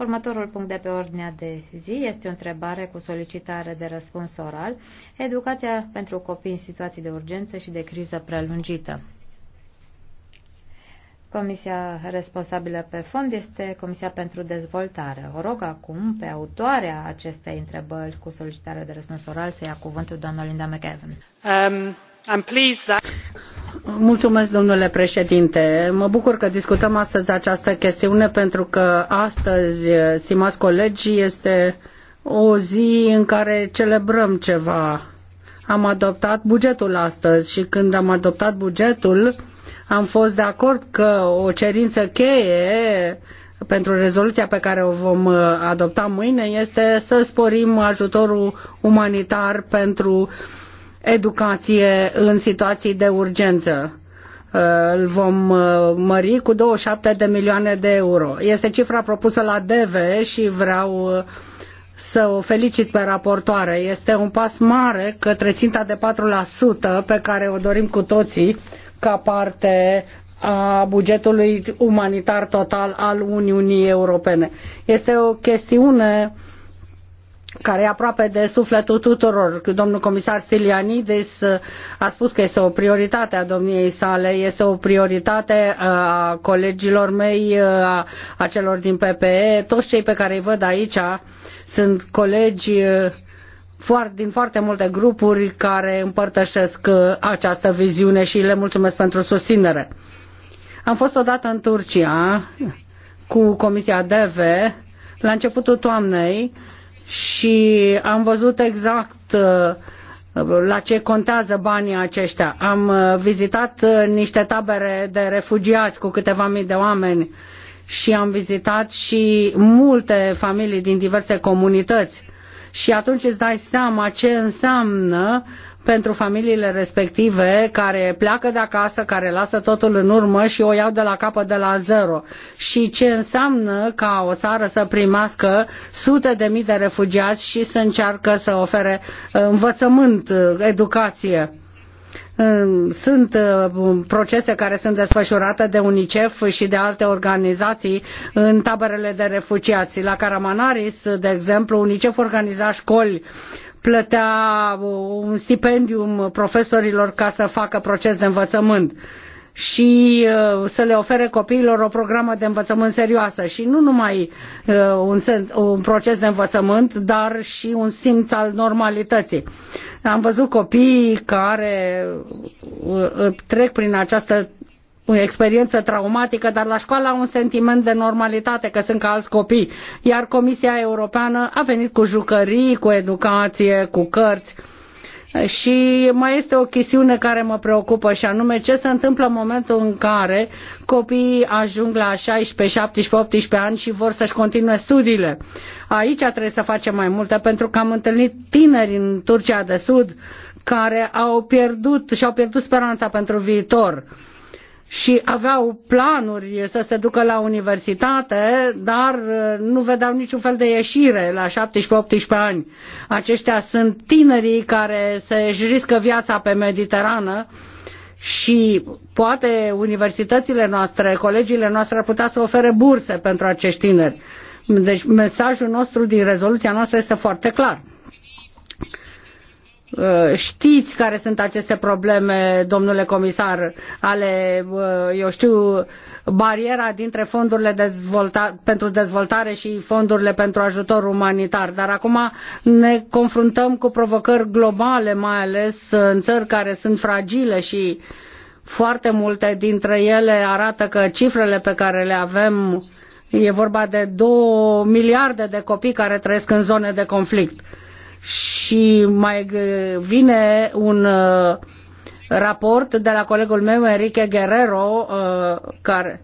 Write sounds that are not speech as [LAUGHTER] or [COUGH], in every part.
Următorul punct de pe ordinea de zi este o întrebare cu solicitare de răspuns oral. Educația pentru copii în situații de urgență și de criză prelungită. Comisia responsabilă pe fond este Comisia pentru Dezvoltare. O rog acum pe autoarea acestei întrebări cu solicitare de răspuns oral să ia cuvântul doamna Linda McEvan. Um. Mulțumesc, domnule președinte. Mă bucur că discutăm astăzi această chestiune pentru că astăzi, stimați colegi, este o zi în care celebrăm ceva. Am adoptat bugetul astăzi și când am adoptat bugetul am fost de acord că o cerință cheie pentru rezoluția pe care o vom adopta mâine este să sporim ajutorul umanitar pentru uh, educație în situații de urgență. Uh, îl vom uh, mări cu 27 de milioane de euro. Este cifra propusă la DV și vreau uh, să o felicit pe raportoare. Este un pas mare către ținta de 4% pe care o dorim cu toții ca parte a bugetului umanitar total al Uniunii Europene. Este o chestiune uh, care e aproape de sufletul tuturor. Domnul comisar Stilianidis a spus că este o prioritate a domniei sale, este o prioritate uh, a colegilor mei, uh, a celor din PPE. Toți cei pe care îi văd aici sunt colegi uh, din foarte multe grupuri care împărtășesc această viziune și le mulțumesc pentru susținere. Am fost odată în Turcia cu Comisia DEVE la începutul toamnei și am văzut exact uh, la ce contează banii aceștia. Am uh, vizitat uh, niște tabere de refugiați cu câteva mii de oameni și am vizitat și multe familii din diverse comunități. Și atunci îți dai seama ce înseamnă uh, pentru familiile respective care pleacă de acasă, care lasă totul în urmă și o iau de la capăt de la zero. Și ce înseamnă ca o țară să primească sute de mii de refugiați și să încearcă să ofere învățământ, educație sunt uh, procese care sunt desfășurate de UNICEF și de alte organizații în taberele de refugiați. La Caramanaris, de exemplu, UNICEF organiza școli plătea uh, un stipendium profesorilor ca să facă proces de învățământ și uh, să le ofere copiilor o programă de învățământ serioasă și nu numai uh, un, sens, un proces de învățământ, dar și un simț al normalității. Am văzut copii care trec prin această o experiență traumatică, dar la școală au un sentiment de normalitate, că sunt ca alți copii. Iar Comisia Europeană a venit cu jucării, cu educație, cu cărți. Și mai este o chestiune care mă preocupă și anume ce se întâmplă în momentul în care copiii ajung la 16, 17, 18 ani și vor să-și continue studiile. Aici trebuie să facem mai multe pentru că am întâlnit tineri în Turcia de Sud care au pierdut și-au pierdut speranța pentru viitor. Uh, și aveau planuri să se ducă la universitate, dar uh, nu vedeau niciun fel de ieșire la 17-18 ani. Aceștia sunt tinerii care se își riscă viața pe Mediterană și poate universitățile noastre, colegiile noastre ar putea să ofere burse pentru acești tineri. Deci mesajul nostru din rezoluția noastră este foarte clar. Uh, știți care sunt aceste probleme, domnule comisar, ale, uh, eu știu, bariera dintre fondurile dezvolta pentru dezvoltare și fondurile pentru ajutor umanitar. Dar acum ne confruntăm cu provocări globale, mai ales în țări care sunt fragile și foarte multe dintre ele arată că cifrele pe care le avem, e vorba de 2 miliarde de copii care trăiesc în zone de conflict și mai vine un uh, raport de la colegul meu Enrique Guerrero uh, care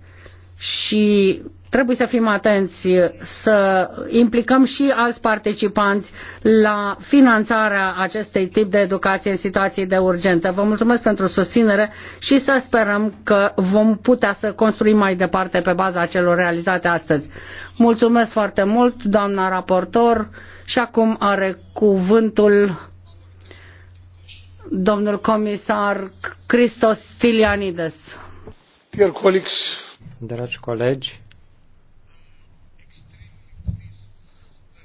și trebuie să fim atenți să implicăm și alți participanți la finanțarea acestei tip de educație în situații de urgență. Vă mulțumesc pentru susținere și să sperăm că vom putea să construim mai departe pe baza celor realizate astăzi. Mulțumesc foarte mult, doamna raportor. Și acum are cuvântul domnul comisar Christos Filianides. Dear Dragi colegi,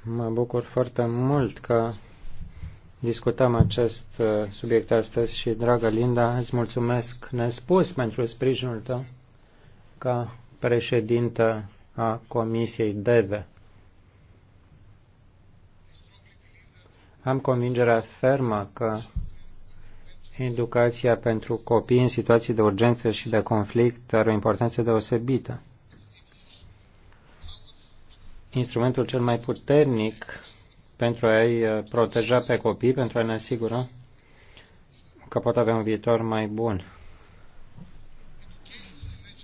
mă bucur foarte mult că discutăm acest uh, subiect astăzi și, dragă Linda, îți mulțumesc nespus pentru sprijinul tău ca președintă a Comisiei DEVE. Am convingerea fermă că educația pentru copii în situații de urgență și de conflict are o importanță deosebită. Instrumentul cel mai puternic pentru a-i uh, proteja pe copii, pentru a ne asigura că pot avea un viitor mai bun.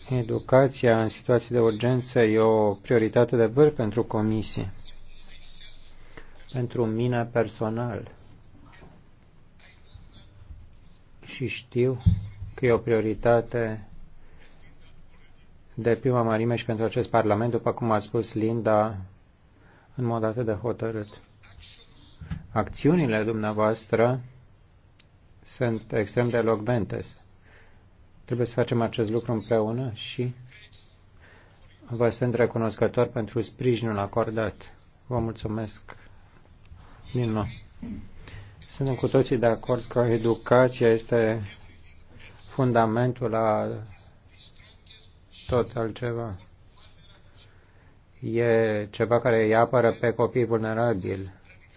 Educația în situații de urgență e o prioritate de vârf pentru comisie pentru mine personal. Și știu că e o prioritate de prima mărime și pentru acest Parlament, după cum a spus Linda, în mod atât de hotărât. Acțiunile dumneavoastră sunt extrem de elocvente. Trebuie să facem acest lucru împreună și vă sunt recunoscător pentru sprijinul acordat. Vă mulțumesc Minunat. Suntem cu toții de acord că educația este fundamentul la tot altceva. E ceva care îi apără pe copii vulnerabili,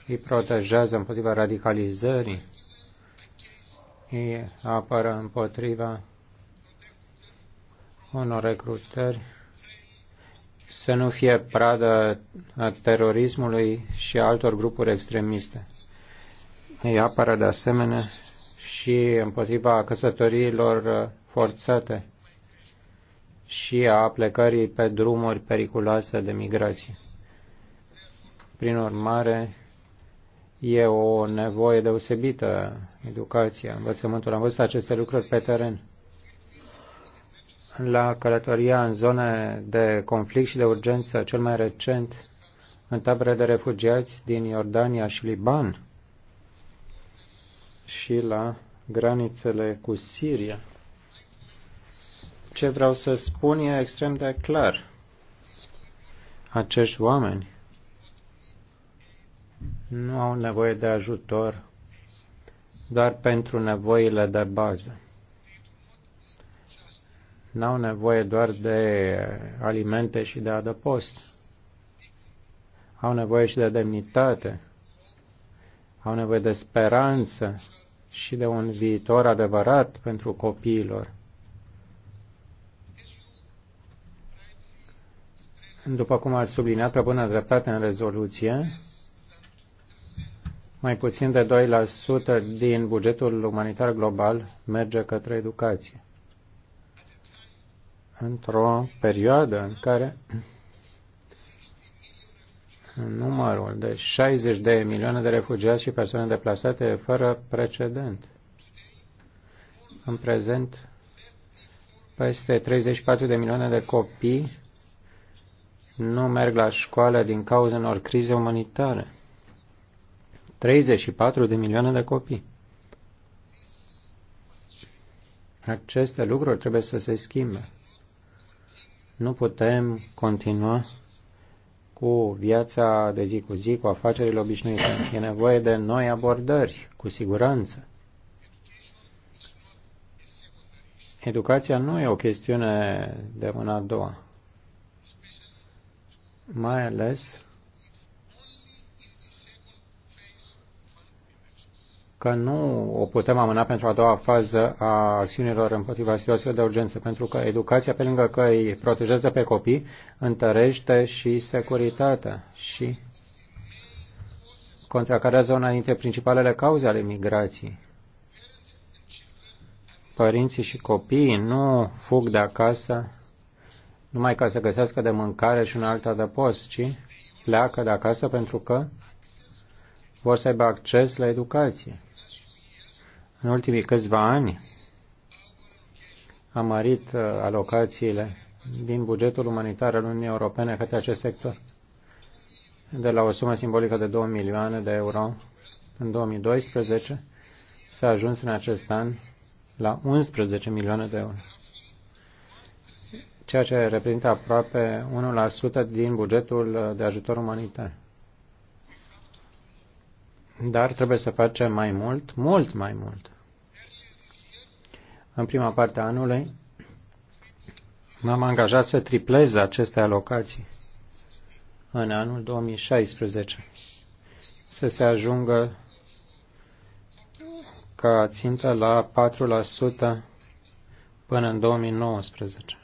îi protejează împotriva radicalizării, îi apără împotriva unor recrutări să nu fie pradă a terorismului și a altor grupuri extremiste. Ei apără de asemenea și împotriva căsătoriilor forțate și a plecării pe drumuri periculoase de migrație. Prin urmare, e o nevoie deosebită educația, învățământul. Am văzut aceste lucruri pe teren la călătoria în zone de conflict și de urgență, cel mai recent în tabere de refugiați din Iordania și Liban și la granițele cu Siria. Ce vreau să spun e extrem de clar. Acești oameni nu au nevoie de ajutor doar pentru nevoile de bază n-au nevoie doar de alimente și de adăpost. Au nevoie și de demnitate. Au nevoie de speranță și de un viitor adevărat pentru copiilor. După cum ați subliniat pe bună dreptate în rezoluție, mai puțin de 2% din bugetul umanitar global merge către educație într-o perioadă în care numărul de 60 de milioane de refugiați și persoane deplasate e fără precedent. În prezent, peste 34 de milioane de copii nu merg la școală din cauza unor crize umanitare. 34 de milioane de copii. Aceste lucruri trebuie să se schimbe. Nu putem continua cu viața de zi cu zi, cu afacerile obișnuite. E nevoie de noi abordări, cu siguranță. Educația nu e o chestiune de mâna a doua, mai ales că nu o putem amâna pentru a doua fază a acțiunilor împotriva situațiilor de urgență, pentru că educația, pe lângă că îi protejează pe copii, întărește și securitatea și contracarează una dintre principalele cauze ale migrației. Părinții și copiii nu fug de acasă numai ca să găsească de mâncare și un alt adăpost, ci pleacă de acasă pentru că vor să aibă acces la educație. În ultimii câțiva ani am mărit uh, alocațiile din bugetul umanitar al Uniunii Europene către acest sector, de la o sumă simbolică de 2 milioane de euro în 2012 s-a ajuns în acest an la 11 milioane de euro, ceea ce reprezintă aproape 1% din bugetul uh, de ajutor umanitar. Dar trebuie să facem mai mult, mult mai mult în prima parte a anului, m-am angajat să triplez aceste alocații în anul 2016, să se ajungă ca țintă la 4% până în 2019.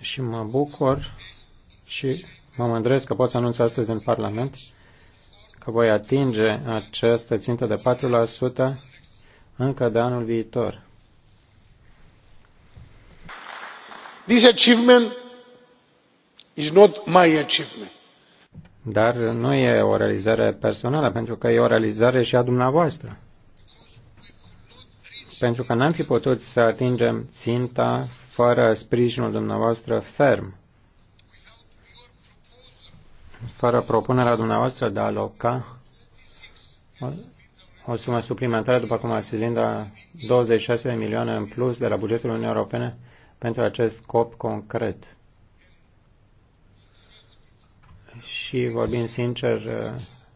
Și mă bucur și mă mândresc că pot să anunț astăzi în Parlament că voi atinge această țintă de 4% încă de anul viitor. This achievement is not my achievement. Dar nu e o realizare personală, pentru că e o realizare și a dumneavoastră. Pentru că n-am fi putut să atingem ținta fără sprijinul dumneavoastră ferm fără propunerea dumneavoastră de a aloca o sumă suplimentară, după cum a Linda, 26 de milioane în plus de la bugetul Uniunii Europene pentru acest scop concret. Și vorbim sincer,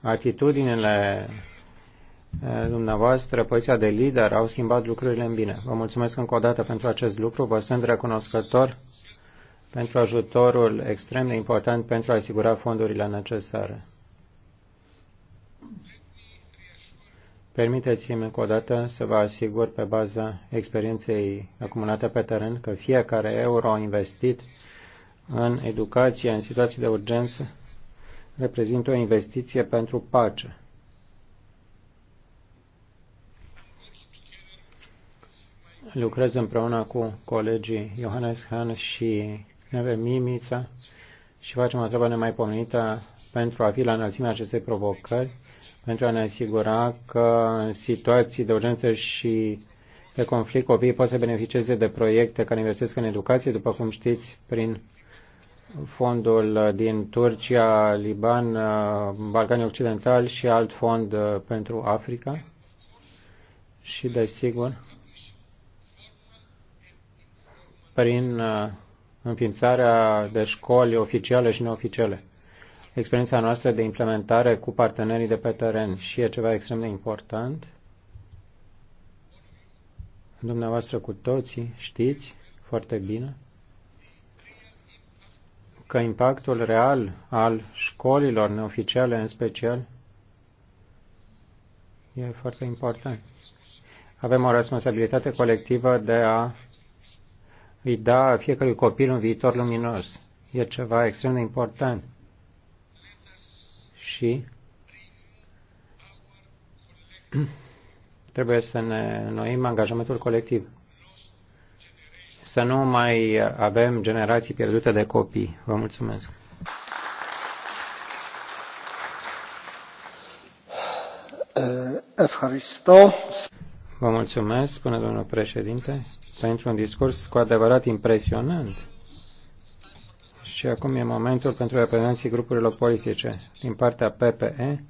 atitudinile eh, dumneavoastră, poziția de lider, au schimbat lucrurile în bine. Vă mulțumesc încă o dată pentru acest lucru, vă sunt recunoscător pentru ajutorul extrem de important pentru a asigura fondurile necesare. Permiteți-mi încă o dată să vă asigur pe baza experienței acumulate pe teren că fiecare euro investit în educație în situații de urgență reprezintă o investiție pentru pace. Lucrez împreună cu colegii Johannes Hahn și ne avem mimița și facem o treabă nemaipomenită pentru a fi la înălțimea acestei provocări, pentru a ne asigura că în situații de urgență și de conflict copiii pot să beneficieze de proiecte care investesc în educație, după cum știți, prin fondul din Turcia, Liban, Balcanii Occidental și alt fond pentru Africa și, desigur, prin înființarea de școli oficiale și neoficiale. Experiența noastră de implementare cu partenerii de pe teren și e ceva extrem de important. Dumneavoastră cu toții știți foarte bine că impactul real al școlilor neoficiale în special e foarte important. Avem o responsabilitate colectivă de a îi da fiecărui copil un viitor luminos. E ceva extrem de important. Și trebuie să ne noim angajamentul colectiv. Să nu mai avem generații pierdute de copii. Vă mulțumesc. Evharisto. Vă mulțumesc, spune domnul președinte, pentru un discurs cu adevărat impresionant. Și acum e momentul pentru reprezentanții grupurilor politice. Din partea PPE,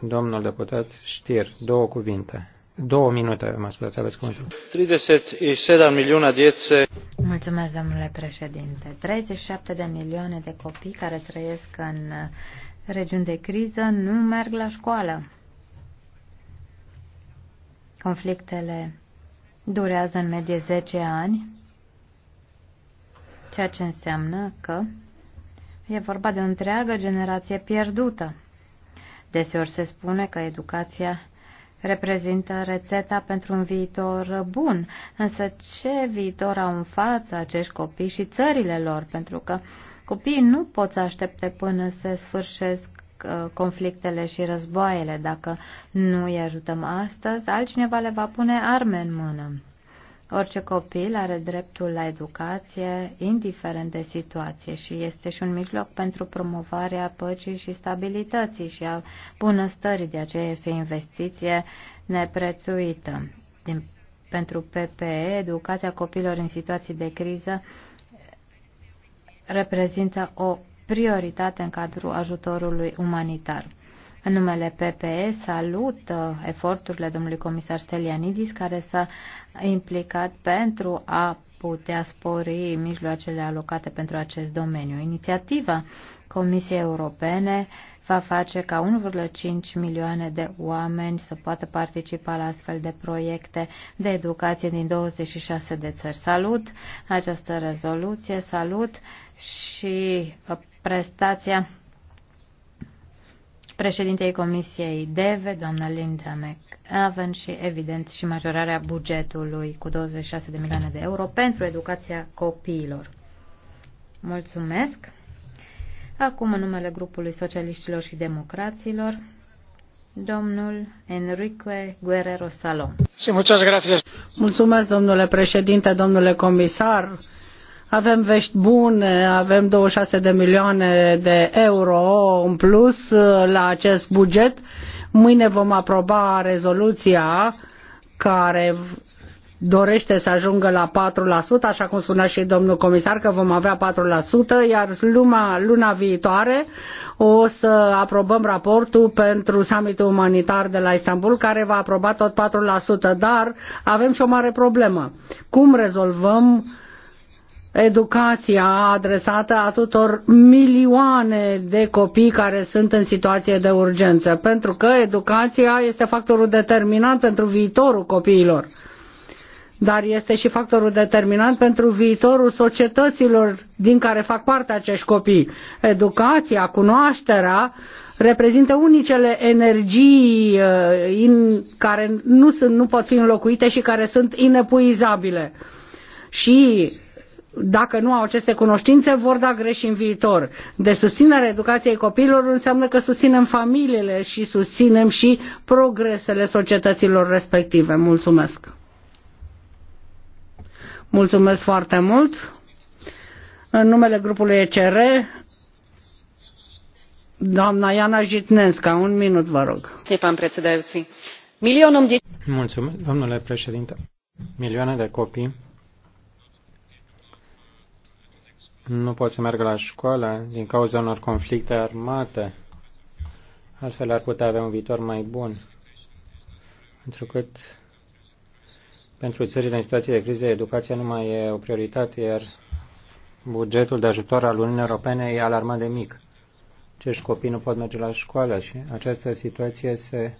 domnul deputat Știr, două cuvinte. Două minute, mă scuzați, aveți cuvântul. 37 milioane ețe. Mulțumesc, domnule președinte. 37 de milioane de copii care trăiesc în regiuni de criză nu merg la școală. Conflictele durează în medie 10 ani, ceea ce înseamnă că e vorba de o întreagă generație pierdută. Deseori se spune că educația reprezintă rețeta pentru un viitor bun, însă ce viitor au în față acești copii și țările lor, pentru că copiii nu pot să aștepte până se sfârșesc Uh, conflictele și războaiele. Dacă nu îi ajutăm astăzi, altcineva le va pune arme în mână. Orice copil are dreptul la educație, indiferent de situație, și este și un mijloc pentru promovarea păcii și stabilității și a bunăstării. De aceea este o investiție neprețuită. Din, pentru PPE, educația copilor în situații de criză reprezintă o prioritate în cadrul ajutorului umanitar. În numele PPE salut uh, eforturile domnului comisar Stelianidis care s-a implicat pentru a putea spori mijloacele alocate pentru acest domeniu. Inițiativa Comisiei Europene va face ca 1,5 milioane de oameni să poată participa la astfel de proiecte de educație din 26 de țări. Salut această rezoluție, salut și uh, prestația președintei Comisiei DEVE, doamna Linda McAven și, evident, și majorarea bugetului cu 26 de milioane de euro pentru educația copiilor. Mulțumesc! Acum, în numele grupului socialiștilor și democraților, domnul Enrique Guerrero Salom. Mulțumesc, domnule președinte, domnule comisar avem vești bune, avem 26 de milioane de euro în plus uh, la acest buget. Mâine vom aproba rezoluția care dorește să ajungă la 4%, așa cum spunea și domnul comisar că vom avea 4%, iar luna, luna viitoare o să aprobăm raportul pentru summitul umanitar de la Istanbul, care va aproba tot 4%, dar avem și o mare problemă. Cum rezolvăm educația adresată a tuturor milioane de copii care sunt în situație de urgență, pentru că educația este factorul determinant pentru viitorul copiilor, dar este și factorul determinant pentru viitorul societăților din care fac parte acești copii. Educația, cunoașterea reprezintă unicele energii uh, care nu, sunt, nu pot fi înlocuite și care sunt inepuizabile. Și dacă nu au aceste cunoștințe, vor da greș în viitor. De susținerea educației copiilor înseamnă că susținem familiile și susținem și progresele societăților respective. Mulțumesc! Mulțumesc foarte mult! În numele grupului ECR, doamna Iana Jitnenska, un minut, vă rog. Mulțumesc, domnule președinte. Milioane de copii nu pot să meargă la școală din cauza unor conflicte armate. Altfel ar putea avea un viitor mai bun. Pentru că pentru țările în situație de criză, educația nu mai e o prioritate, iar bugetul de ajutor al Uniunii Europene e alarmant de mic. Cești copii nu pot merge la școală și această situație se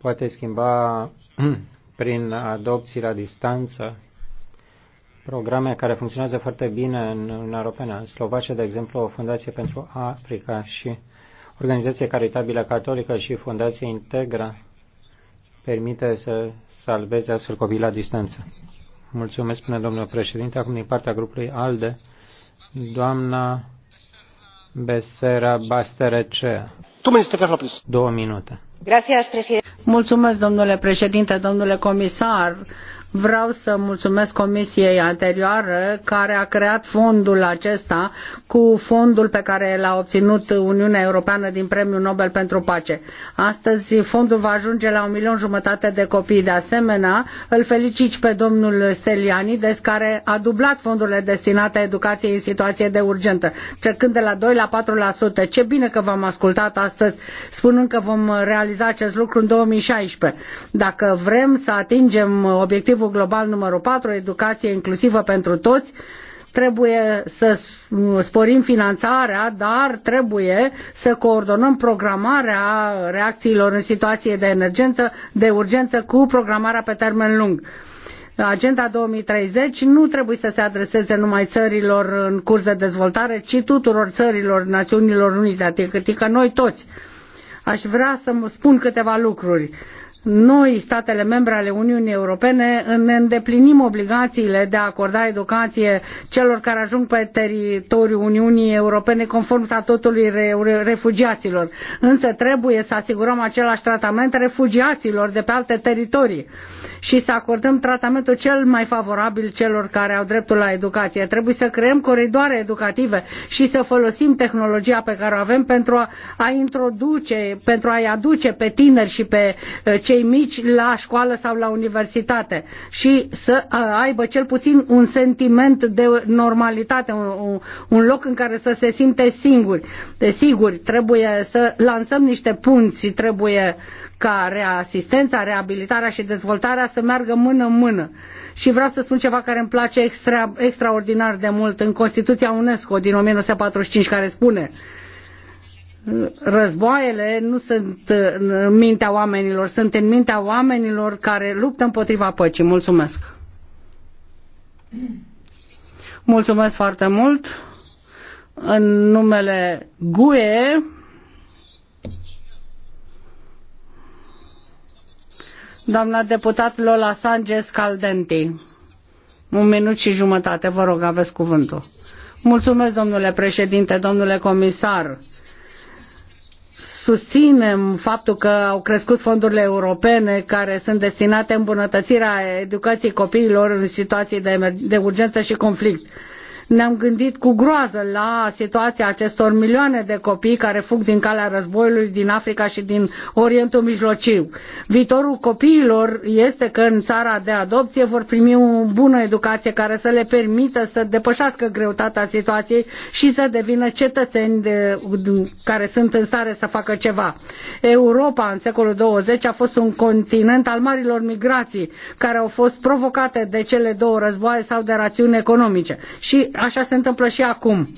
poate schimba [CLEARS THROAT] prin adopții la distanță programe care funcționează foarte bine în Uniunea Europeană. În Slovacia, de exemplu, o fundație pentru Africa și organizație caritabilă catolică și fundație Integra permite să salveze astfel copii la distanță. Mulțumesc, spune domnul președinte. Acum, din partea grupului ALDE, doamna Besera Basterecea. Două minute. Mulțumesc, domnule președinte, domnule comisar Vreau să mulțumesc comisiei anterioară care a creat fondul acesta cu fondul pe care l-a obținut Uniunea Europeană din Premiul Nobel pentru Pace. Astăzi fondul va ajunge la un milion jumătate de copii. De asemenea, îl felicit pe domnul Stelianides care a dublat fondurile destinate educației în situație de urgentă, cercând de la 2 la 4%. Ce bine că v-am ascultat astăzi spunând că vom realiza acest lucru în 2016. Dacă vrem să atingem obiectivul obiectivul global numărul 4, educație inclusivă pentru toți, trebuie să sporim finanțarea, dar trebuie să coordonăm programarea reacțiilor în situație de emergență, de urgență cu programarea pe termen lung. Agenda 2030 nu trebuie să se adreseze numai țărilor în curs de dezvoltare, ci tuturor țărilor Națiunilor Unite, adică, adică noi toți. Aș vrea să spun câteva lucruri noi, statele membre ale Uniunii Europene, ne îndeplinim obligațiile de a acorda educație celor care ajung pe teritoriul Uniunii Europene conform statutului refugiaților. Însă trebuie să asigurăm același tratament refugiaților de pe alte teritorii și să acordăm tratamentul cel mai favorabil celor care au dreptul la educație. Trebuie să creăm coridoare educative și să folosim tehnologia pe care o avem pentru a, a introduce, pentru a-i aduce pe tineri și pe ă, cei mici la școală sau la universitate și să aibă cel puțin un sentiment de normalitate, un, un loc în care să se simte singuri. Desigur, trebuie să lansăm niște punți, trebuie ca asistența, reabilitarea și dezvoltarea să meargă mână în mână. Și vreau să spun ceva care îmi place extra, extraordinar de mult în Constituția UNESCO din 1945 care spune războaiele nu sunt în mintea oamenilor, sunt în mintea oamenilor care luptă împotriva păcii. Mulțumesc! Mulțumesc foarte mult! În numele GUE, doamna deputat Lola Sanchez Caldenti. Un minut și jumătate, vă rog, aveți cuvântul. Mulțumesc, domnule președinte, domnule comisar susținem faptul că au crescut fondurile europene care sunt destinate îmbunătățirea educației copiilor în situații de, de urgență și conflict. Ne-am gândit cu groază la situația acestor milioane de copii care fug din calea războiului din Africa și din Orientul Mijlociu. Viitorul copiilor este că în țara de adopție vor primi o bună educație care să le permită să depășească greutatea situației și să devină cetățeni de, care sunt în stare să facă ceva. Europa în secolul 20 a fost un continent al marilor migrații care au fost provocate de cele două războaie sau de rațiuni economice. Și așa se întâmplă și acum.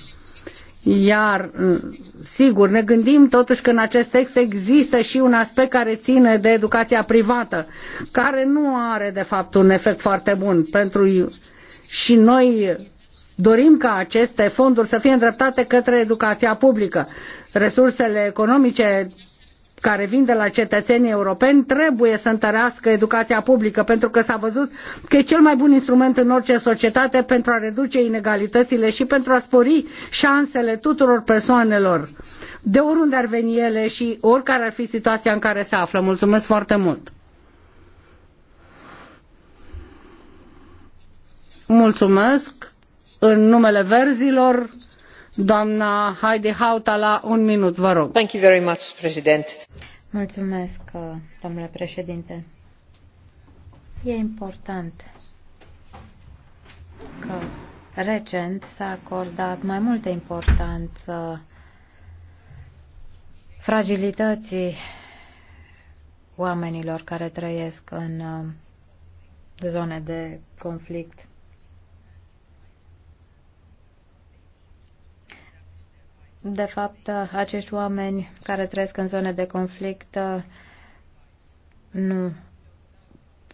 Iar, uh, sigur, ne gândim totuși că în acest text există și un aspect care ține de educația privată, care nu are, de fapt, un efect foarte bun pentru și noi dorim ca aceste fonduri să fie îndreptate către educația publică. Resursele economice care vin de la cetățenii europeni trebuie să întărească educația publică, pentru că s-a văzut că e cel mai bun instrument în orice societate pentru a reduce inegalitățile și pentru a spori șansele tuturor persoanelor, de oriunde ar veni ele și oricare ar fi situația în care se află. Mulțumesc foarte mult! Mulțumesc! În numele verzilor, Doamna Heidi Hautala, un minut, vă rog. Thank you very much, President. Mulțumesc, uh, domnule președinte. E important că recent s-a acordat mai multă importanță fragilității oamenilor care trăiesc în uh, zone de conflict. de fapt, acești oameni care trăiesc în zone de conflict nu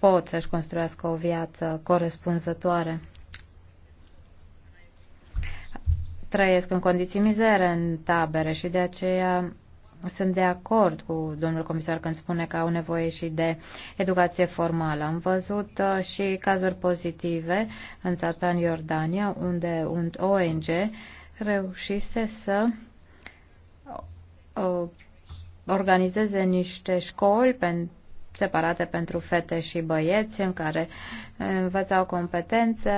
pot să-și construiască o viață corespunzătoare. Trăiesc în condiții mizere în tabere și de aceea sunt de acord cu domnul comisar când spune că au nevoie și de educație formală. Am văzut uh, și cazuri pozitive în Satan, Iordania, unde un ONG reușise să uh, organizeze niște școli separate pentru fete și băieți în care învățau competențe,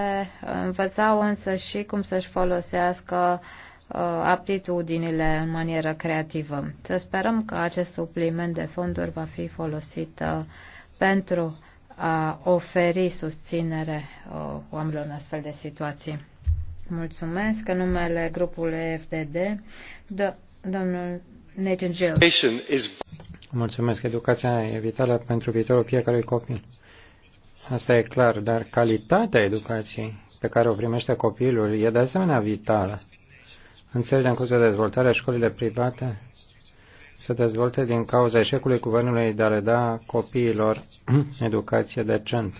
învățau însă și cum să-și folosească uh, aptitudinile în manieră creativă. Să sperăm că acest supliment de fonduri va fi folosit uh, pentru a oferi susținere oamenilor în astfel de situații. Mulțumesc. În numele grupului FDD, do domnul Nathan Gill. Mulțumesc. Educația e vitală pentru viitorul fiecărui copil. Asta e clar, dar calitatea educației pe care o primește copilul e de asemenea vitală. În țările în curs de dezvoltare, școlile private se dezvolte din cauza eșecului guvernului de a le da copiilor [CLEARS THROAT] educație decentă.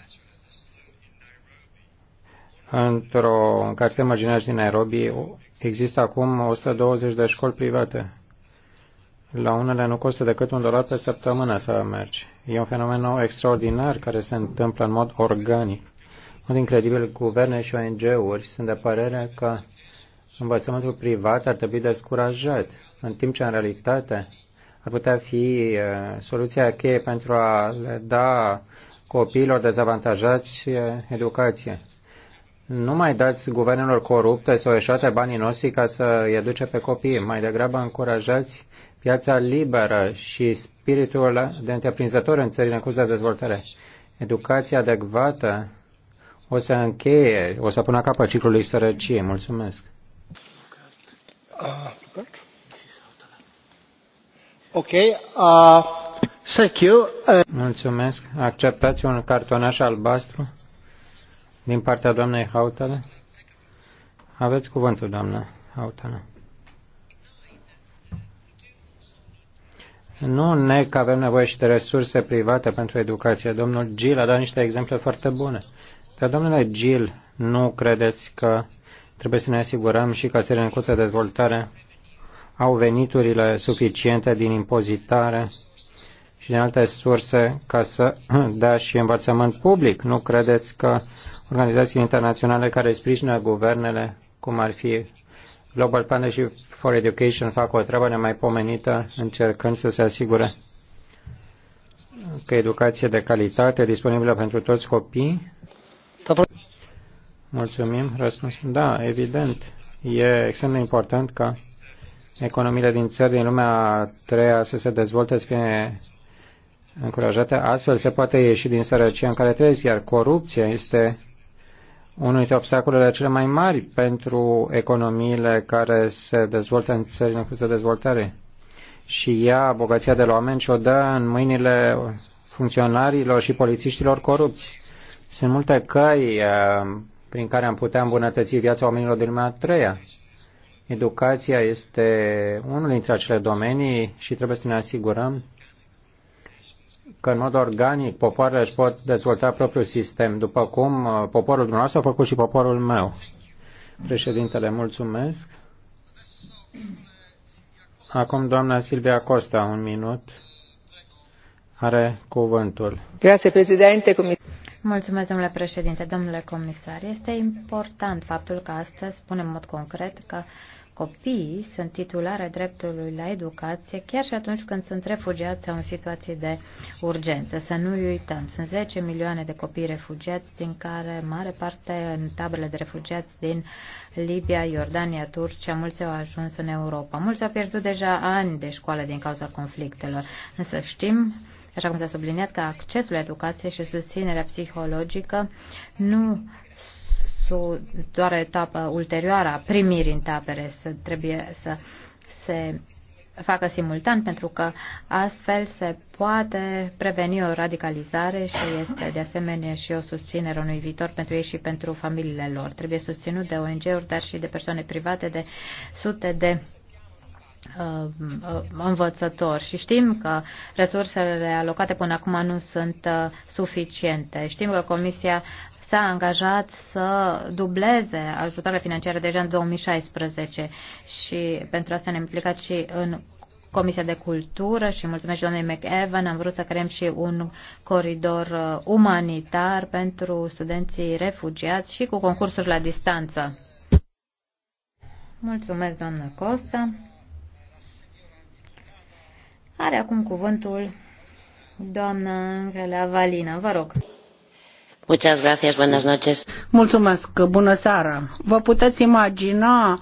Într-o cartier marginal din Nairobi există acum 120 de școli private. La unele nu costă decât un dolar pe săptămână să mergi. E un fenomen nou extraordinar care se întâmplă în mod organic. Mod incredibil, guverne și ONG-uri sunt de părere că învățământul privat ar trebui descurajat, în timp ce, în realitate, ar putea fi soluția cheie pentru a le da copiilor dezavantajați educație nu mai dați guvernelor corupte sau eșate banii noștri ca să îi educe pe copii. Mai degrabă încurajați piața liberă și spiritul de întreprinzător în țările în curs de dezvoltare. Educația adecvată o să încheie, o să pună capăt ciclului sărăciei. Mulțumesc. Uh, ok. Uh, thank you. Uh... Mulțumesc. Acceptați un cartonaș albastru? din partea doamnei Hautala. Aveți cuvântul, doamna Hautala. Nu ne că avem nevoie și de resurse private pentru educație. Domnul Gil a dat niște exemple foarte bune. Dar, domnule Gil, nu credeți că trebuie să ne asigurăm și că țările în curs de dezvoltare au veniturile suficiente din impozitare și din alte surse ca să [CLEARS THROAT] dea și învățământ public. Nu credeți că organizațiile internaționale care sprijină guvernele, cum ar fi Global Partnership for Education, fac o treabă nemaipomenită încercând să se asigure că educație de calitate disponibilă pentru toți copii? Mulțumim. Răspuns. Da, evident. E extrem de important ca economiile din țări din lumea a treia să se dezvolte, să fie încurajate. Astfel se poate ieși din sărăcia în care trăiesc, iar corupția este unul dintre obstacolele cele mai mari pentru economiile care se dezvoltă în țările în curs de dezvoltare. Și ea, bogăția de la oameni, și o dă în mâinile funcționarilor și polițiștilor corupți. Sunt multe căi uh, prin care am putea îmbunătăți viața oamenilor din lumea a treia. Educația este unul dintre acele domenii și trebuie să ne asigurăm că în mod organic popoarele își pot dezvolta propriul sistem, după cum uh, poporul dumneavoastră a făcut și poporul meu. Președintele, mulțumesc. Acum doamna Silvia Costa, un minut, are cuvântul. Grazie, președinte. Mulțumesc, domnule președinte, domnule comisar. Este important faptul că astăzi spunem în mod concret că copiii sunt titulare dreptului la educație chiar și atunci când sunt refugiați sau în situații de urgență. Să nu uităm, sunt 10 milioane de copii refugiați, din care mare parte în taberele de refugiați din Libia, Iordania, Turcia, mulți au ajuns în Europa. Mulți au pierdut deja ani de școală din cauza conflictelor, însă știm așa cum s-a subliniat, că accesul la educație și susținerea psihologică nu doar o etapă ulterioară a primirii în tabere să trebuie să se facă simultan, pentru că astfel se poate preveni o radicalizare și este de asemenea și o susținere unui viitor pentru ei și pentru familiile lor. Trebuie susținut de ONG-uri, dar și de persoane private, de sute de uh, uh, învățători și știm că resursele alocate până acum nu sunt uh, suficiente. Știm că Comisia s-a angajat să dubleze ajutoarele financiare deja în 2016 și pentru asta ne-am implicat și în Comisia de Cultură și mulțumesc doamnei McEvan. Am vrut să creăm și un coridor uh, umanitar pentru studenții refugiați și cu concursuri la distanță. Mulțumesc, doamnă Costa. Are acum cuvântul doamna Angela Valina. Vă rog. Muchas gracias, buenas noches. Mulțumesc, bună seara. Vă puteți imagina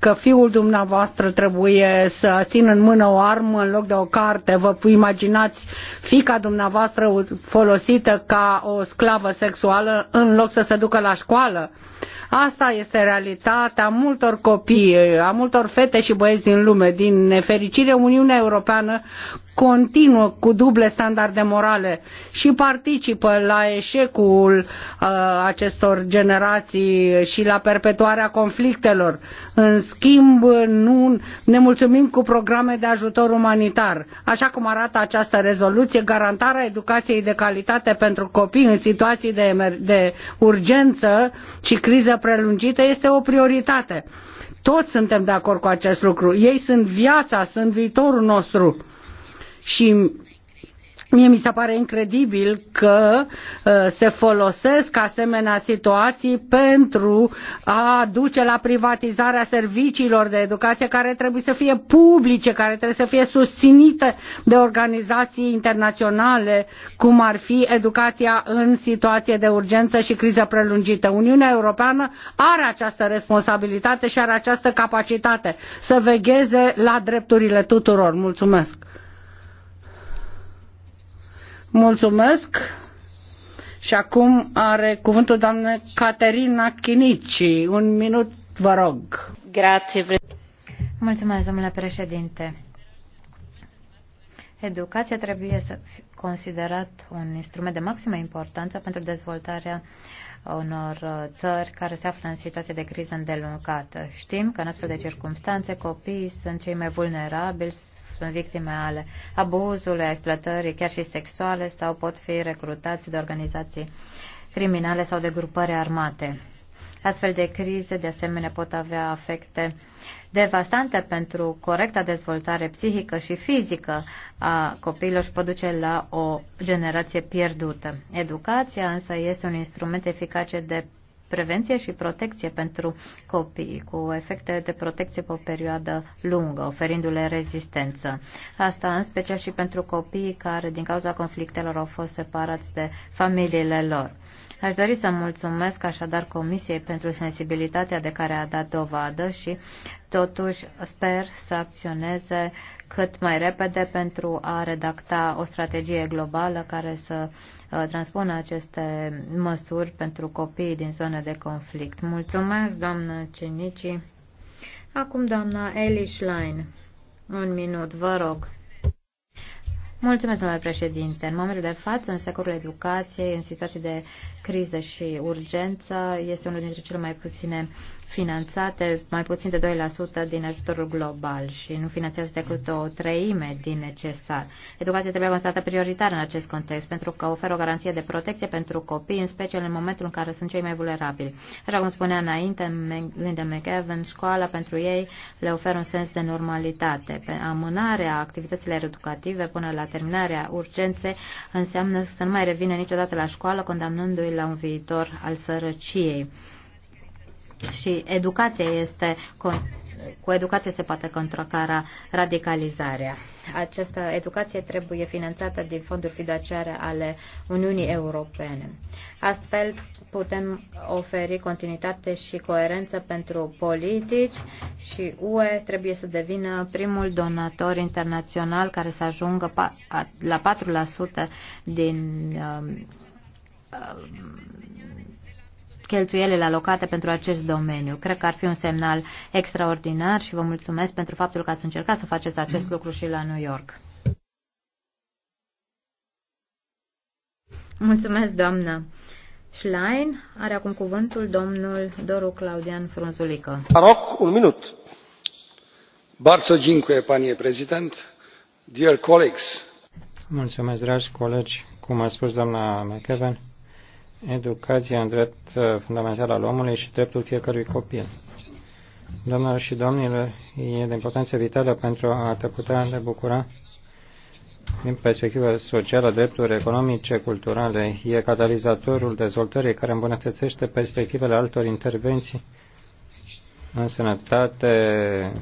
că fiul dumneavoastră trebuie să țină în mână o armă în loc de o carte. Vă imaginați fica dumneavoastră folosită ca o sclavă sexuală în loc să se ducă la școală. Asta este realitatea multor copii, a multor fete și băieți din lume. Din nefericire, Uniunea Europeană continuă cu duble standarde morale și participă la eșecul uh, acestor generații și la perpetuarea conflictelor. În schimb, nu ne mulțumim cu programe de ajutor umanitar. Așa cum arată această rezoluție, garantarea educației de calitate pentru copii în situații de, de urgență și criză prelungită este o prioritate. Toți suntem de acord cu acest lucru. Ei sunt viața, sunt viitorul nostru și Mie mi se pare incredibil că uh, se folosesc asemenea situații pentru a duce la privatizarea serviciilor de educație care trebuie să fie publice, care trebuie să fie susținite de organizații internaționale, cum ar fi educația în situație de urgență și criză prelungită. Uniunea Europeană are această responsabilitate și are această capacitate să vegheze la drepturile tuturor. Mulțumesc! Mulțumesc. Și acum are cuvântul doamna Caterina Chinici. Un minut, vă rog. Grație. Mulțumesc, domnule președinte. Educația trebuie să fie considerat un instrument de maximă importanță pentru dezvoltarea unor uh, țări care se află în situație de criză îndelungată. Știm că în astfel de circunstanțe copiii sunt cei mai vulnerabili, sunt victime ale abuzului, exploatării, chiar și sexuale, sau pot fi recrutați de organizații criminale sau de grupări armate. Astfel de crize, de asemenea, pot avea afecte devastante pentru corecta dezvoltare psihică și fizică a copiilor și pot duce la o generație pierdută. Educația însă este un instrument eficace de prevenție și protecție pentru copii, cu efecte de protecție pe o perioadă lungă, oferindu-le rezistență. Asta în special și pentru copiii care, din cauza conflictelor, au fost separați de familiile lor. Aș dori să mulțumesc așadar Comisiei pentru sensibilitatea de care a dat dovadă și totuși sper să acționeze cât mai repede pentru a redacta o strategie globală care să uh, transpună aceste măsuri pentru copiii din zone de conflict. Mulțumesc, doamnă Cenici. Acum, doamna Eli Schlein. Un minut, vă rog. Mulțumesc, domnule președinte. În momentul de față, în sectorul educației, în situații de criză și urgență, este unul dintre cele mai puține finanțate mai puțin de 2% din ajutorul global și nu finanțează decât o treime din necesar. Educația trebuie considerată prioritară în acest context pentru că oferă o garanție de protecție pentru copii, în special în momentul în care sunt cei mai vulnerabili. Așa cum spunea înainte Linda McEvan, școala pentru ei le oferă un sens de normalitate. amânarea activităților educative până la terminarea urgenței înseamnă să nu mai revină niciodată la școală, condamnându-i la un viitor al sărăciei și educația este cu educație se poate contracara radicalizarea. Această educație trebuie finanțată din fonduri fiduciare ale Uniunii Europene. Astfel putem oferi continuitate și coerență pentru politici și UE trebuie să devină primul donator internațional care să ajungă la 4% din um, um, cheltuielile alocate pentru acest domeniu. Cred că ar fi un semnal extraordinar și vă mulțumesc pentru faptul că ați încercat să faceți acest lucru și la New York. Mulțumesc, doamnă. Schlein are acum cuvântul domnul Doru Claudian Frunzulică. rog, un minut. Barso Ginque, panie prezident, dear colleagues. Mulțumesc, dragi colegi. Cum a spus doamna McEwen, educația în drept uh, fundamental al omului și dreptul fiecărui copil. Domnilor și domnilor, e de importanță vitală pentru a te putea ne bucura din perspectivă socială, drepturi economice, culturale, e catalizatorul dezvoltării care îmbunătățește perspectivele altor intervenții în sănătate,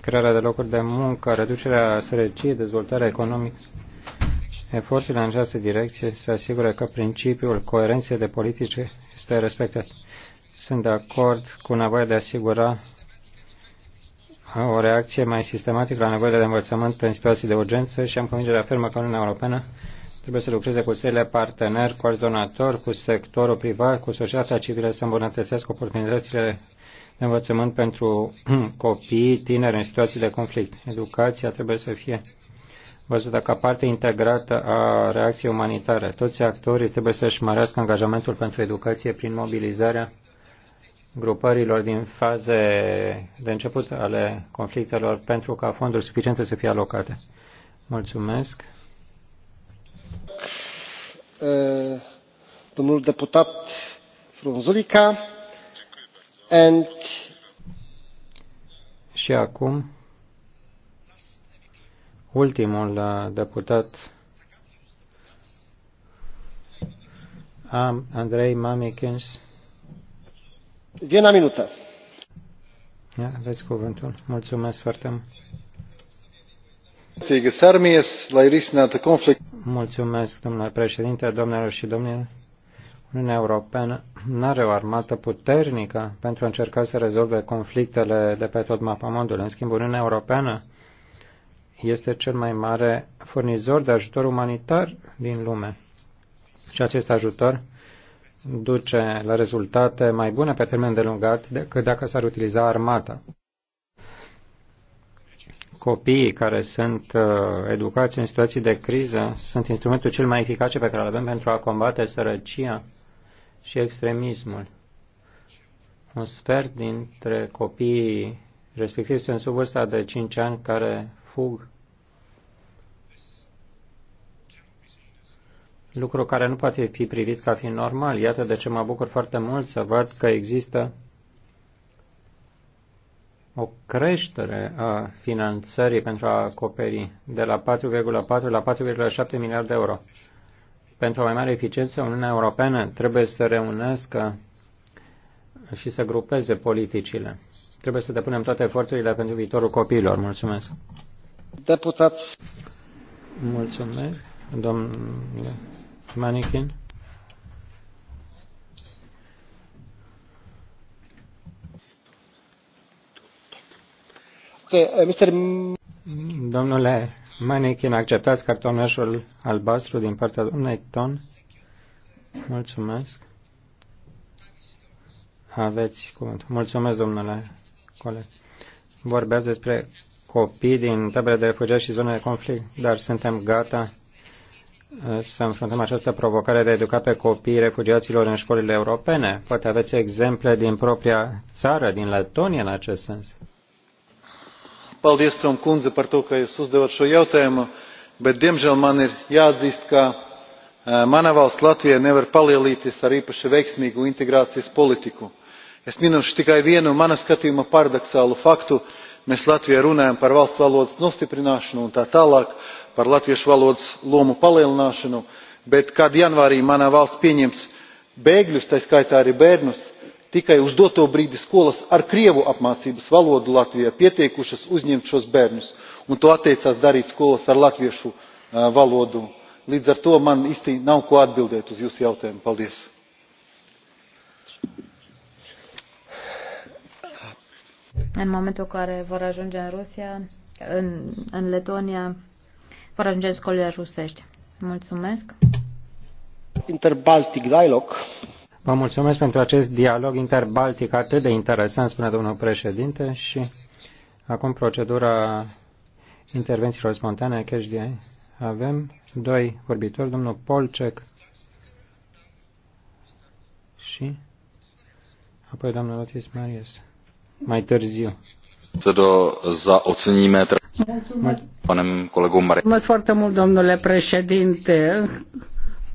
crearea de locuri de muncă, reducerea sărăciei, dezvoltarea economică Eforturile în această direcție se asigură că principiul coerenței de politice este respectat. Sunt de acord cu nevoia de a asigura o reacție mai sistematică la nevoile de învățământ în situații de urgență și am convingerea fermă că Uniunea Europeană trebuie să lucreze cu țările parteneri, cu alți donatori, cu sectorul privat, cu societatea civilă să îmbunătățească oportunitățile de învățământ pentru [CLEARS THROAT] copii, tineri în situații de conflict. Educația trebuie să fie văzută ca parte integrată a reacției umanitare. Toți actorii trebuie să-și mărească angajamentul pentru educație prin mobilizarea grupărilor din faze de început ale conflictelor pentru ca fonduri suficiente să fie alocate. Mulțumesc. Uh, domnul deputat Frunzulica and... și acum ultimul uh, deputat, Andrei Mamikins. Viena minută. Ja, aveți cuvântul. Mulțumesc foarte mult. Mulțumesc, domnule președinte, domnilor și domnilor. Uniunea Europeană nu are o armată puternică pentru a încerca să rezolve conflictele de pe tot mapamondul. În schimb, Uniunea Europeană este cel mai mare furnizor de ajutor umanitar din lume. Și acest ajutor duce la rezultate mai bune pe termen delungat decât dacă s-ar utiliza armata. Copiii care sunt uh, educați în situații de criză sunt instrumentul cel mai eficace pe care îl avem pentru a combate sărăcia și extremismul. Un sfert dintre copiii respectiv sunt sub vârsta de 5 ani care fug lucru care nu poate fi privit ca fiind normal. Iată de ce mă bucur foarte mult să văd că există o creștere a finanțării pentru a acoperi de la 4,4 la 4,7 miliarde de euro. Pentru o mai mare eficiență, Uniunea Europeană trebuie să reunească și să grupeze politicile. Trebuie să depunem toate eforturile pentru viitorul copiilor. Mulțumesc. Deputați. Mulțumesc, domnule Mannequin. Okay, eh, Mr. Domnule Mannequin, acceptați cartonașul albastru din partea domnului Ton? Mulțumesc. Aveți cuvântul. Mulțumesc, domnule coleg. Vorbeați despre copii din tabere de refugiați și zone de conflict, dar suntem gata să înfruntăm această provocare de a educa pe copiii refugiaților în școlile europene. Poate aveți exemple din propria țară, din Letonia, în acest sens. Paldies, Tom Kunze, par to, ka jūs uzdevat šo jautājumu, bet, diemžēl, man ir jāatzīst, ka mana valsts Latvija nevar palielīties ar īpaši veiksmīgu integrācijas politiku. Es minūšu tikai vienu mana skatījuma paradoksālu faktu. Mēs Latvijā runājam par valsts valodas nostiprināšanu un tā tālāk par latviešu valodas lomu palielināšanu bet kad janvārī manā valsts pieņems bēgļus tai skaitā arī bērnus tikai uz doto brīdi skolas ar krievu apmācības valodu latvijā pieteikušās uzņemt šos bērnus un to atteicās darīt skolas ar latviešu valodu. līdz ar to man īsti nav ko atbildēt uz jūsu jautājumu. paldies! În momentul în care vor ajunge în Rusia, în, în Letonia, vor ajunge în școlile rusești. Mulțumesc! Interbaltic Dialog. Vă mulțumesc pentru acest dialog interbaltic atât de interesant, spune domnul președinte, și acum procedura intervențiilor spontane, cash avem doi vorbitori, domnul Polcec și apoi domnul Otis Marius, mai târziu. Mulțumesc, Mulțumesc foarte mult, domnule președinte,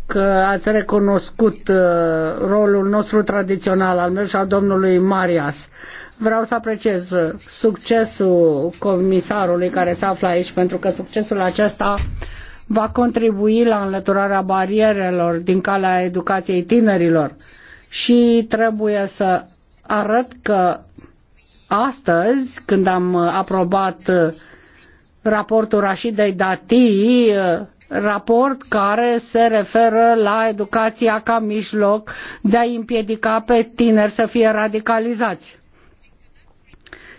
că ați recunoscut uh, rolul nostru tradițional al meu și al domnului Marias. Vreau să apreciez succesul comisarului care se află aici, pentru că succesul acesta va contribui la înlăturarea barierelor din calea educației tinerilor și trebuie să arăt că astăzi, când am aprobat raportul Rashidei Dati, uh, raport care se referă la educația ca mijloc de a împiedica pe tineri să fie radicalizați.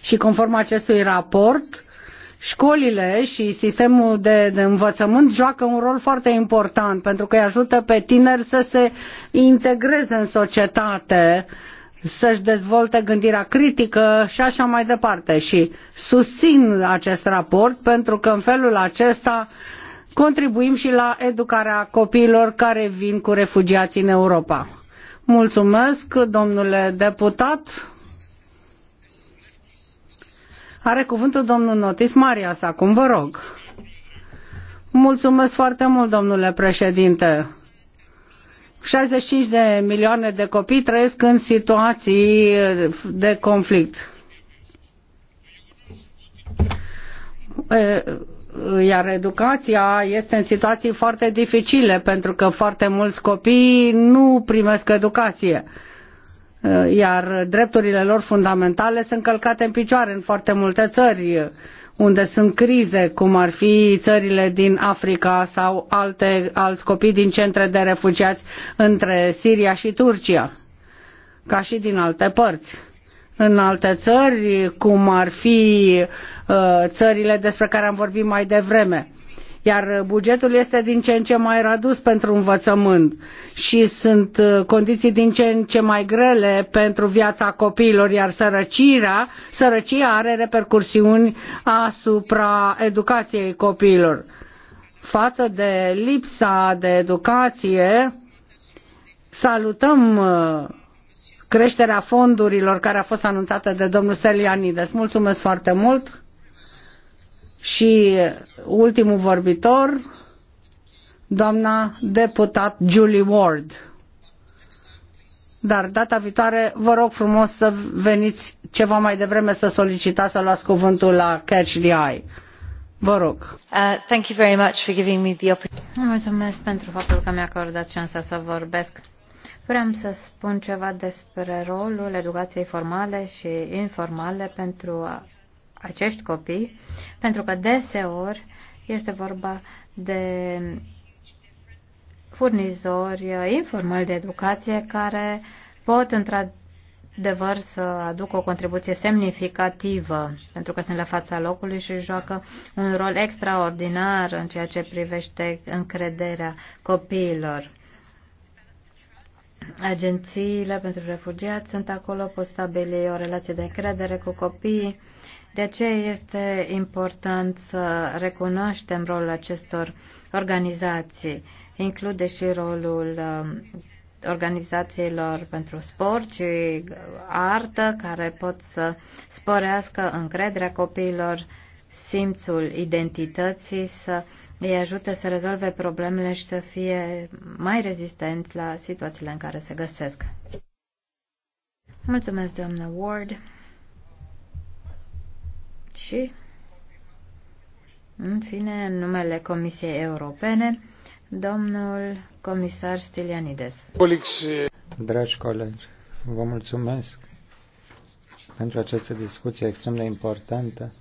Și conform acestui raport, școlile și sistemul de, de învățământ joacă un rol foarte important pentru că îi ajută pe tineri să se integreze în societate uh, să-și dezvolte gândirea critică și așa mai departe. Și susțin acest raport pentru că în felul acesta contribuim și la educarea copiilor care vin cu refugiații în Europa. Mulțumesc, domnule deputat. Are cuvântul domnul Notis Marias acum, vă rog. Mulțumesc foarte mult, domnule președinte. 65 de milioane de copii trăiesc în situații de conflict. Iar educația este în situații foarte dificile pentru că foarte mulți copii nu primesc educație iar drepturile lor fundamentale sunt călcate în picioare în foarte multe țări unde sunt crize, cum ar fi țările din Africa sau alte, alți copii din centre de refugiați între Siria și Turcia, ca și din alte părți. În alte țări, cum ar fi uh, țările despre care am vorbit mai devreme, iar uh, bugetul este din ce în ce mai redus pentru învățământ și sunt uh, condiții din ce în ce mai grele pentru viața copiilor, iar sărăcirea, sărăcia are repercursiuni asupra educației copiilor. Față de lipsa de educație, salutăm uh, creșterea fondurilor care a fost anunțată de domnul Stelianides. Mulțumesc foarte mult! Și ultimul vorbitor, doamna deputat Julie Ward. Dar data viitoare vă rog frumos să veniți ceva mai devreme să solicitați să luați cuvântul la Catch the Eye. Vă rog. Uh, thank you very much for giving me the opportunity. Mulțumesc pentru faptul că mi-a acordat șansa să vorbesc. Vreau să spun ceva despre rolul educației formale și informale pentru acești copii, pentru că deseori este vorba de furnizori informali de educație care pot într-adevăr să aducă o contribuție semnificativă pentru că sunt la fața locului și joacă un rol extraordinar în ceea ce privește încrederea copiilor. Agențiile pentru refugiați sunt acolo, pot stabili o relație de încredere cu copiii de aceea este important să recunoaștem rolul acestor organizații. Include și rolul um, organizațiilor pentru sport și artă care pot să sporească încrederea copiilor, simțul identității, să îi ajute să rezolve problemele și să fie mai rezistenți la situațiile în care se găsesc. Mulțumesc, doamnă Ward. Și, în fine, în numele Comisiei Europene, domnul comisar Stilianides. Dragi colegi, vă mulțumesc pentru această discuție extrem de importantă.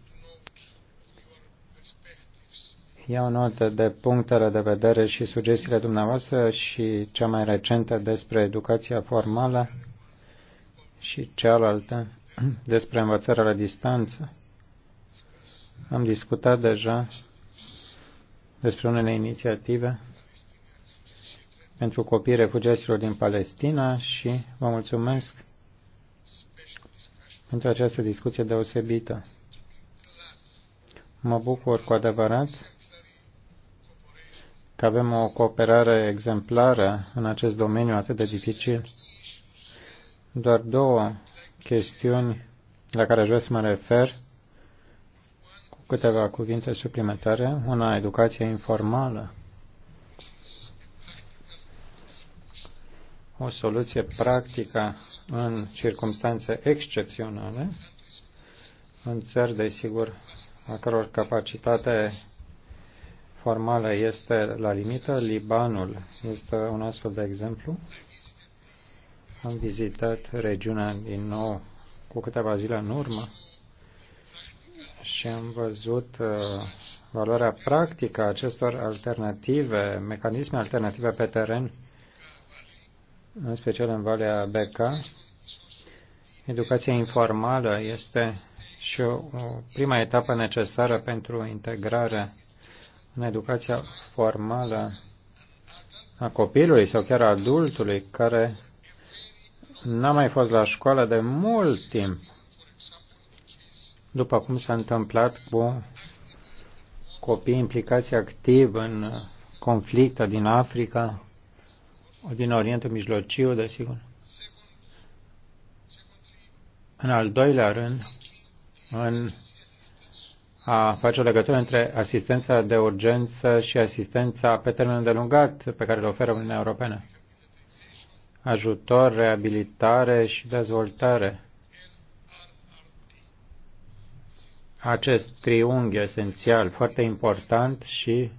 Iau notă de punctele de vedere și sugestiile dumneavoastră și cea mai recentă despre educația formală și cealaltă despre învățarea la distanță. Am discutat deja despre unele inițiative pentru copii refugiaților din Palestina și vă mulțumesc pentru această discuție deosebită. Mă bucur cu adevărat că avem o cooperare exemplară în acest domeniu atât de dificil. Doar două chestiuni la care aș vrea să mă refer câteva cuvinte suplimentare. Una, educație informală. O soluție practică în circunstanțe excepționale, în țări, desigur, a căror capacitate formală este la limită. Libanul este un astfel de exemplu. Am vizitat regiunea din nou cu câteva zile în urmă și am văzut uh, valoarea practică a acestor alternative, mecanisme alternative pe teren, în special în Valea Beca. Educația informală este și o, prima etapă necesară pentru integrare în educația formală a copilului sau chiar a adultului care n-a mai fost la școală de mult timp după cum s-a întâmplat cu copii implicați activ în conflicte din Africa, din Orientul Mijlociu, desigur. În al doilea rând, în a face o legătură între asistența de urgență și asistența pe termen îndelungat pe care le oferă Uniunea Europeană. Ajutor, reabilitare și dezvoltare. acest triunghi esențial foarte important și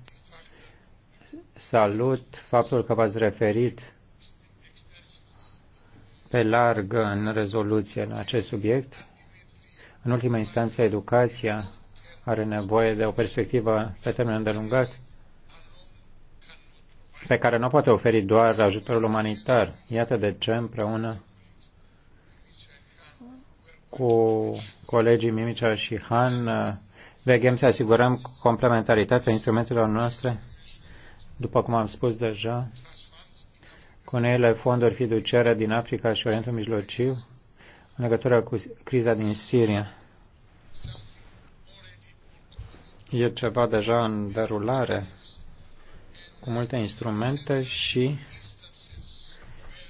salut faptul că v-ați referit pe larg în rezoluție în acest subiect. În ultima instanță, educația are nevoie de o perspectivă pe termen îndelungat pe care nu poate oferi doar ajutorul umanitar. Iată de ce împreună cu colegii Mimicea și Han vegem să asigurăm complementaritatea instrumentelor noastre, după cum am spus deja, cu noile fonduri fiduciare din Africa și Orientul Mijlociu, în legătură cu criza din Siria. E ceva deja în derulare, cu multe instrumente și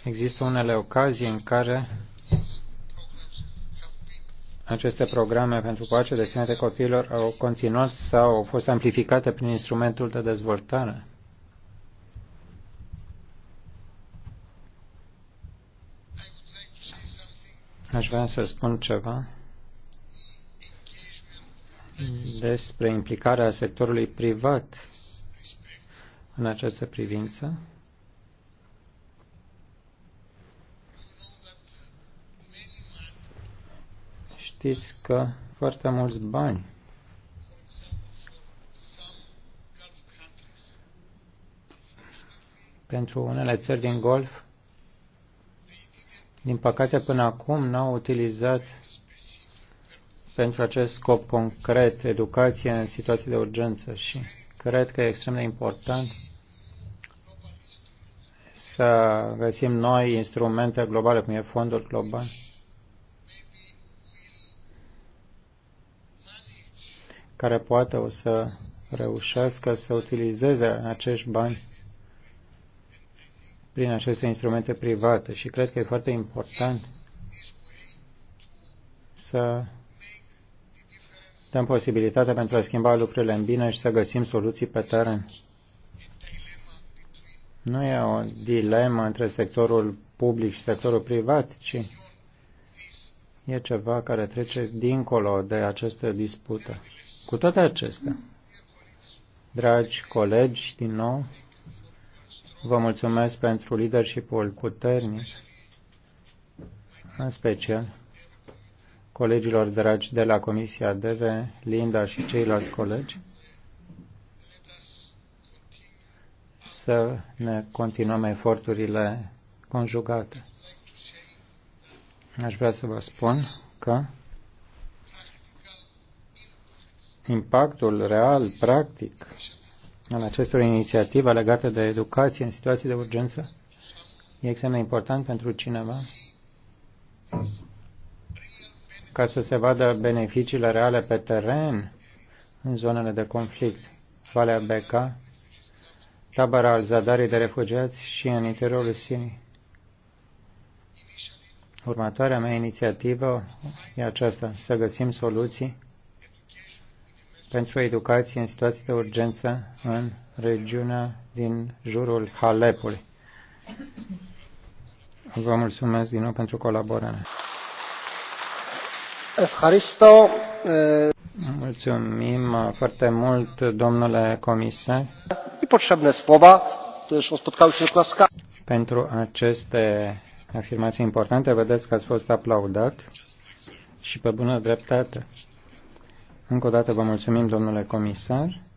există unele ocazii în care aceste programe pentru pace destinate copiilor au continuat sau au fost amplificate prin instrumentul de dezvoltare? Aș vrea să spun ceva despre implicarea sectorului privat în această privință. știți că foarte mulți bani pentru unele țări din Golf, din păcate până acum n-au utilizat pentru acest scop concret educație în situații de urgență și cred că e extrem de important să găsim noi instrumente globale, cum e fondul global care poate o să reușească să utilizeze acești bani prin aceste instrumente private și cred că e foarte important să dăm posibilitatea pentru a schimba lucrurile în bine și să găsim soluții pe teren. Nu e o dilemă între sectorul public și sectorul privat, ci e ceva care trece dincolo de această dispută. Cu toate acestea, dragi colegi, din nou, vă mulțumesc pentru leadership-ul puternic, în special colegilor dragi de la Comisia DV, Linda și ceilalți colegi, să ne continuăm eforturile conjugate. Aș vrea să vă spun că impactul real, practic, al acestor inițiative legate de educație în situații de urgență e extrem de important pentru cineva ca să se vadă beneficiile reale pe teren în zonele de conflict. Valea Beca, tabăra al zadarii de refugiați și în interiorul Sinii. Următoarea mea inițiativă e aceasta, să găsim soluții pentru educație în situații de urgență în regiunea din jurul Halepului. Vă mulțumesc din nou pentru colaborare. Haristo. Mulțumim foarte mult, domnule comisar. potrzebne słowa, gdyż spotkały się klaska. Pentru aceste afirmații importante, vedeți că ați fost aplaudat și pe bună dreptate. Încă o dată vă mulțumim, domnule comisar.